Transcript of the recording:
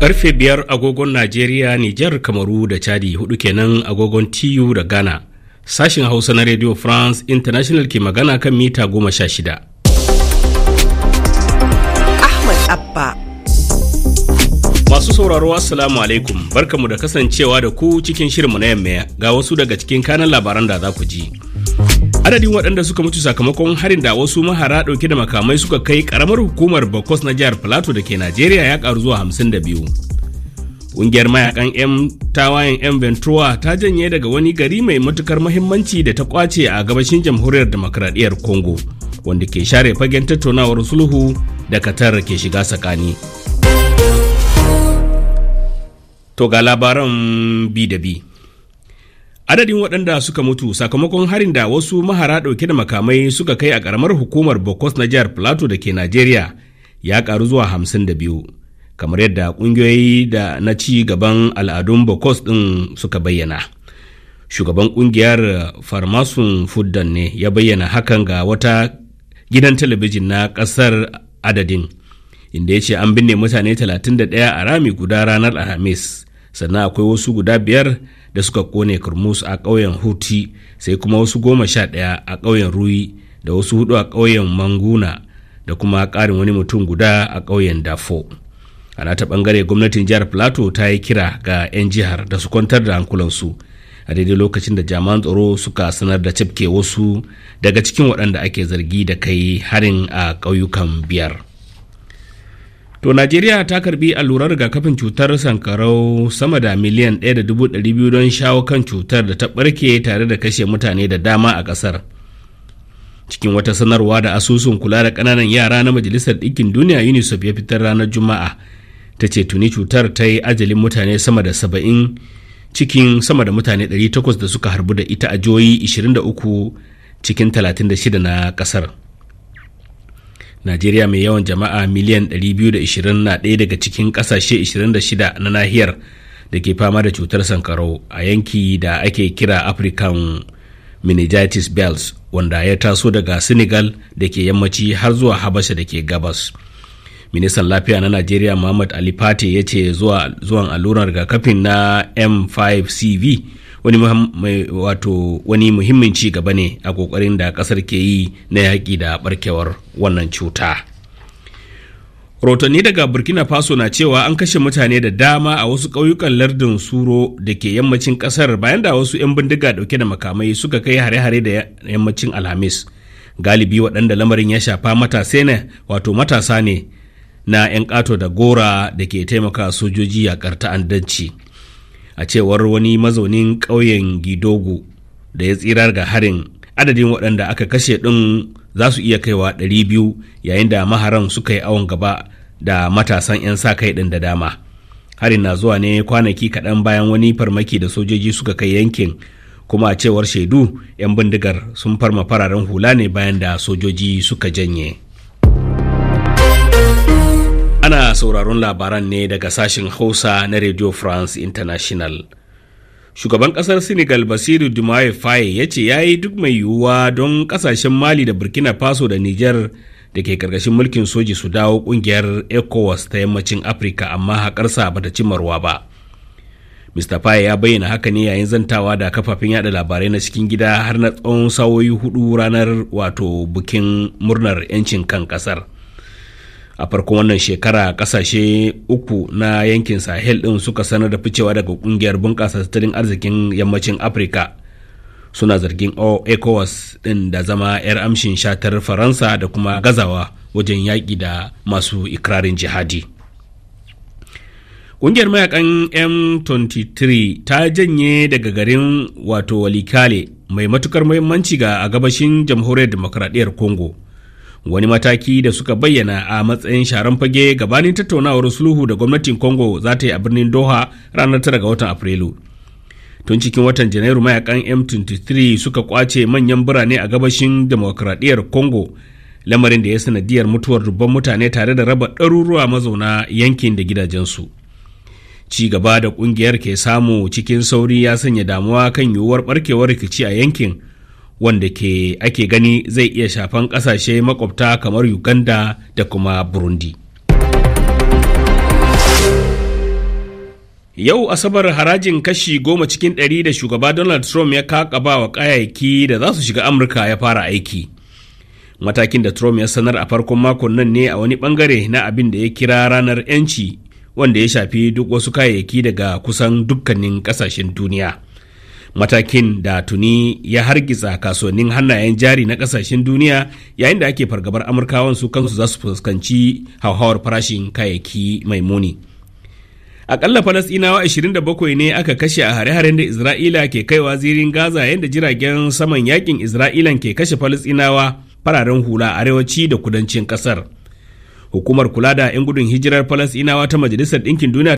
Karfe biyar agogon Najeriya, Nijar, Kamaru da Chadi hudu kenan agogon TU da Ghana. Sashin Hausa na Radio France International ke magana kan mita goma sha shida. Ahmad Abba Masu sauraro Assalamu alaikum, barkamu da kasancewa da ku cikin shirinmu na yamma ga wasu daga cikin kanan labaran da za ku ji. adadin waɗanda suka mutu sakamakon harin da wasu mahara ɗauke da makamai suka kai ƙaramar hukumar bokos na jihar plateau da ke najeriya ya ƙaru zuwa hamsin da biyu ƙungiyar mayakan 'yan tawayen 'yan ventura ta janye daga wani gari mai matukar mahimmanci da ta kwace a gabashin jamhuriyar demokradiyyar congo wanda ke share fagen tattaunawar sulhu da katar ke shiga tsakani to ga labaran bi da bi Adadin waɗanda suka mutu sakamakon harin da wasu mahara ɗauke da makamai suka kai a ƙaramar hukumar Bokos na jihar Plateau da ke nigeria ya ƙaru zuwa hamsin da biyu, kamar yadda ƙungiyoyi da na ci gaban al'adun Bokos ɗin suka bayyana. Shugaban ƙungiyar Farmasun Fuddan ne ya bayyana hakan ga wata gidan talabijin na ƙasar adadin, inda ya ce an binne mutane 31 a rami guda ranar Alhamis, sannan akwai wasu guda biyar da suka kone kurmus a ƙauyen huti sai kuma wasu goma sha ɗaya a ƙauyen ruyi da wasu hudu a ƙauyen manguna da kuma ƙarin wani mutum guda a ƙauyen dafo a nata ɓangare gwamnatin jihar plateau ta yi kira ga 'yan jihar da su kwantar da hankulansu a daidai lokacin da jami'an tsaro suka sanar da cifke wasu daga cikin waɗanda ake zargi da kai harin a ƙauyukan biyar. To Najeriya ta karbi allurar rigakafin cutar sankarau sama da miliyan 1.200 don shawo kan cutar da ta barke tare da kashe mutane da dama a ƙasar. Cikin wata sanarwa da asusun kula da ƙananan yara na Majalisar Ɗinkin Duniya UNICEF ya fitar ranar Juma'a ta ce tuni cutar ta yi ajalin mutane sama da saba'in cikin sama da mutane 800 da suka harbu da ita a joyi 23 cikin 36 na ƙasar. najeriya mai yawan jama'a miliyan 220 na ɗaya daga cikin ƙasashe 26 na nahiyar da ke fama da cutar sankarau a yanki da ake kira african meningitis bells wanda ya taso daga senegal da ke yammaci har zuwa habasha da ke gabas ministan lafiya na najeriya muhammad ali fate ya ce zuwan alluran rigakafin na m5cv wani wato wani muhimmin ci gaba ne a kokarin da kasar ke yi na yaƙi da barkewar wannan cuta rotanni daga burkina faso na cewa an kashe mutane da dama a wasu ƙauyukan lardin suro da ke yammacin ƙasar bayan da wasu 'yan bindiga ɗauke da makamai suka kai hare-hare da yammacin alhamis galibi waɗanda lamarin ya shafa matasa ne wato matasa ne na 'yan ƙato da gora da ke taimaka sojoji yaƙar andanci. a cewar wani mazaunin ƙauyen gidogo da ya tsirar ga harin adadin waɗanda aka kashe ɗin za su iya kaiwa 200 yayin da maharan suka yi awon gaba da matasan 'yan sa kai ɗin da dama harin na zuwa ne kwanaki kaɗan bayan wani farmaki da sojoji suka kai yankin kuma a cewar shaidu 'yan bindigar sun farma fararen hula ne bayan da sojoji suka janye. Ana sauraron labaran ne daga sashen Hausa na Radio France International. Shugaban ƙasar Senegal Basiru Dumaye Faye ya ce ya yi duk mai yiwuwa don ƙasashen Mali da Burkina Faso da Nijar da ke ƙarƙashin mulkin soji su dawo ƙungiyar ECOWAS ta yammacin Afirka amma haƙarsa ba ta cimarwa ba. Mr. Faye ya bayyana haka ne yayin zantawa da kafafen yada labarai na cikin gida har na tsawon sawoyi hudu ranar wato bukin murnar 'yancin kan ƙasar. a farkon wannan shekara kasashe uku na yankin sahel din suka sanar da ficewa daga kungiyar bunƙasa tattalin arzikin yammacin afirka suna zargin ecowas din da zama 'yar amshin shatar faransa da kuma gazawa wajen yaƙi da masu ikirarin jihadi ƙungiyar mayakan m23 ta janye daga garin wato walikale mai matukar muhimmanci ga a gabashin jamhuriyar demokradiyyar congo wani mataki da suka bayyana a matsayin sharan fage gabanin tattaunawar sulhu da gwamnatin congo za ta yi a birnin doha ranar 9 ga watan afrilu tun cikin watan janairu mayakan m23 suka kwace manyan birane a gabashin demokradiyyar congo lamarin da ya sanadiyar mutuwar dubban mutane tare da raba ɗaruruwa mazauna yankin da gidajensu ci gaba da ƙungiyar ke samu cikin sauri ya sanya damuwa kan yiwuwar barkewar rikici a yankin wanda ke ake gani zai iya shafan kasashe makwabta kamar uganda da kuma burundi Yau Asabar harajin kashi goma cikin ɗari da shugaba Donald Trump ya kakaba wa kayayyaki da za su shiga Amurka ya fara aiki. Matakin da Trump ya sanar a farkon makon nan ne a wani bangare na abin da ya kira ranar 'yanci wanda ya shafi duk wasu kayayyaki daga kusan dukkanin kasashen duniya. matakin da tuni ya hargitsa kasuwannin hannayen jari na kasashen duniya yayin da ake fargabar amurkawan su kansu za su fuskanci hauhawar farashin kayayyaki mai muni akalla falasɗinawa 27 ne aka kashe a hare-haren da isra'ila ke kaiwa zirin gaza yadda jiragen saman yakin isra'ilan ke kashe falasɗinawa fararen hula a arewaci da kudancin kasar hukumar kula da 'yan gudun hijirar falasinawa ta majalisar ɗinkin duniya